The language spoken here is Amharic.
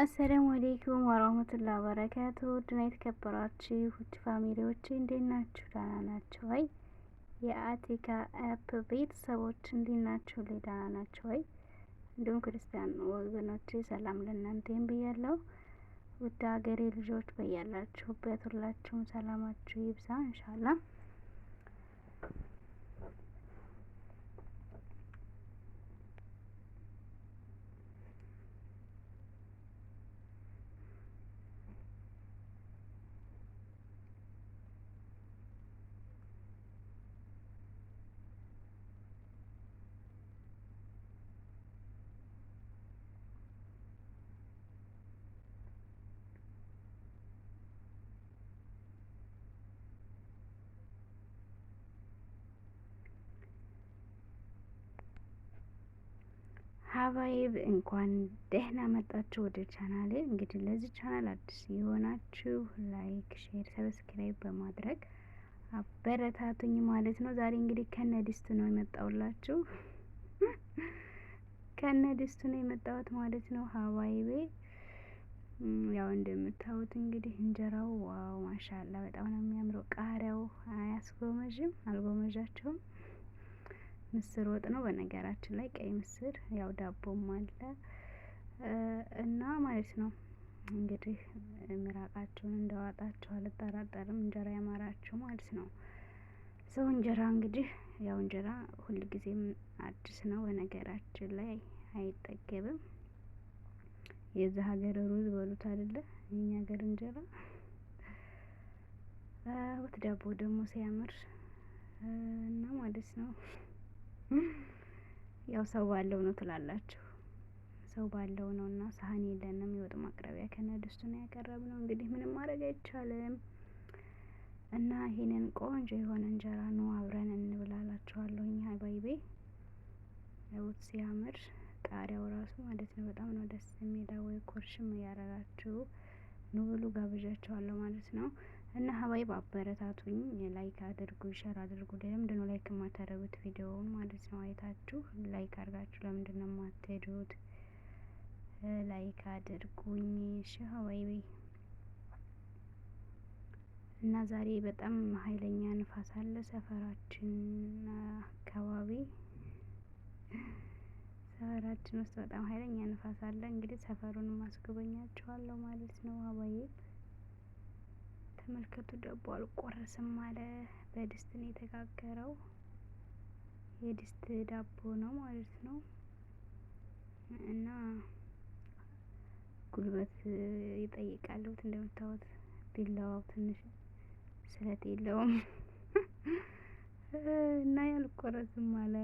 አሰላሙ አሌይኩም ወራህመቱላ በረካቱ ድና የተከበራችሁ ውድ ፋሚሊዎች እንዴት ናችሁ? ደህና ናችሁ ወይ? የአቲካ አፕ ቤተሰቦች እንዴት ናችሁ? ላይ ደህና ናችሁ ወይ? እንዲሁም ክርስቲያን ወገኖች ሰላም ለእናንተም ብያለሁ። ውድ ሀገሬ ልጆች በያላችሁበት ሁላችሁም ሰላማችሁ ይብዛ እንሻላ ሀባይብ እንኳን ደህና መጣችሁ ወደ ቻናሌ። እንግዲህ ለዚህ ቻናል አዲስ የሆናችሁ ላይክ፣ ሼር፣ ሰብስክራይብ በማድረግ አበረታቱኝ ማለት ነው። ዛሬ እንግዲህ ከነ ዲስቱ ነው የመጣውላችሁ ከነ ዲስቱ ነው የመጣሁት ማለት ነው። ሀባይቤ ያው እንደምታዩት እንግዲህ እንጀራው ዋው ማሻላ በጣም ነው የሚያምረው። ቃሪያው አያስጎመዥም፣ አልጎመዣቸውም ምስር ወጥ ነው። በነገራችን ላይ ቀይ ምስር ያው ዳቦም አለ እና ማለት ነው እንግዲህ ምራቃቸውን እንደዋጣችሁ አልጠራጠርም። እንጀራ ያማራችሁ ማለት ነው። ሰው እንጀራ እንግዲህ ያው እንጀራ ጊዜም አዲስ ነው በነገራችን ላይ አይጠገብም። የዛ ሀገር ሩዝ በሉት አይደለ? የኛ ሀገር እንጀራ ወት ዳቦ ደግሞ ሲያምር እና ማለት ነው ያው ሰው ባለው ነው ትላላችሁ። ሰው ባለው ነው እና ሳህን የለንም። የወጥ ማቅረቢያ ከነድስቱ ነው እንግዲህ ምንም ማድረግ አይቻልም እና ይሄንን ቆንጆ የሆነ እንጀራ ነው አብረን እንብላላችኋለሁ። እኛ ባይቤ ያውት ሲያምር ቃሪያው ራሱ ማለት ነው በጣም ነው ደስ የሚለው። ወይ ኮርሽም እያረጋችሁ ኑ ብሉ፣ ጋብዣችኋለሁ ማለት ነው። እና ሀባይ በአበረታቱኝ ላይክ አድርጉ፣ ሸር አድርጉ። ለምንድን ነው ላይክ የማታደርጉት ቪዲዮውን ማለት ነው? አይታችሁ ላይክ አድርጋችሁ ለምንድን ነው የማትሄዱት? ላይክ አድርጉኝ እሺ ሀባይ። እና ዛሬ በጣም ኃይለኛ ንፋስ አለ ሰፈራችን አካባቢ ሰፈራችን ውስጥ በጣም ኃይለኛ ንፋስ አለ። እንግዲህ ሰፈሩን ማስጎበኛችኋለሁ ማለት ነው ሀባዬ ተመልከቱ ዳቦ አልቆረስም አለ። በድስት ነው የተጋገረው። የድስት ዳቦ ነው ማለት ነው። እና ጉልበት ይጠይቃለሁት እንደምታዩት ቢላዋው ትንሽ ስለት የለውም እና ያልቆረስም አለ።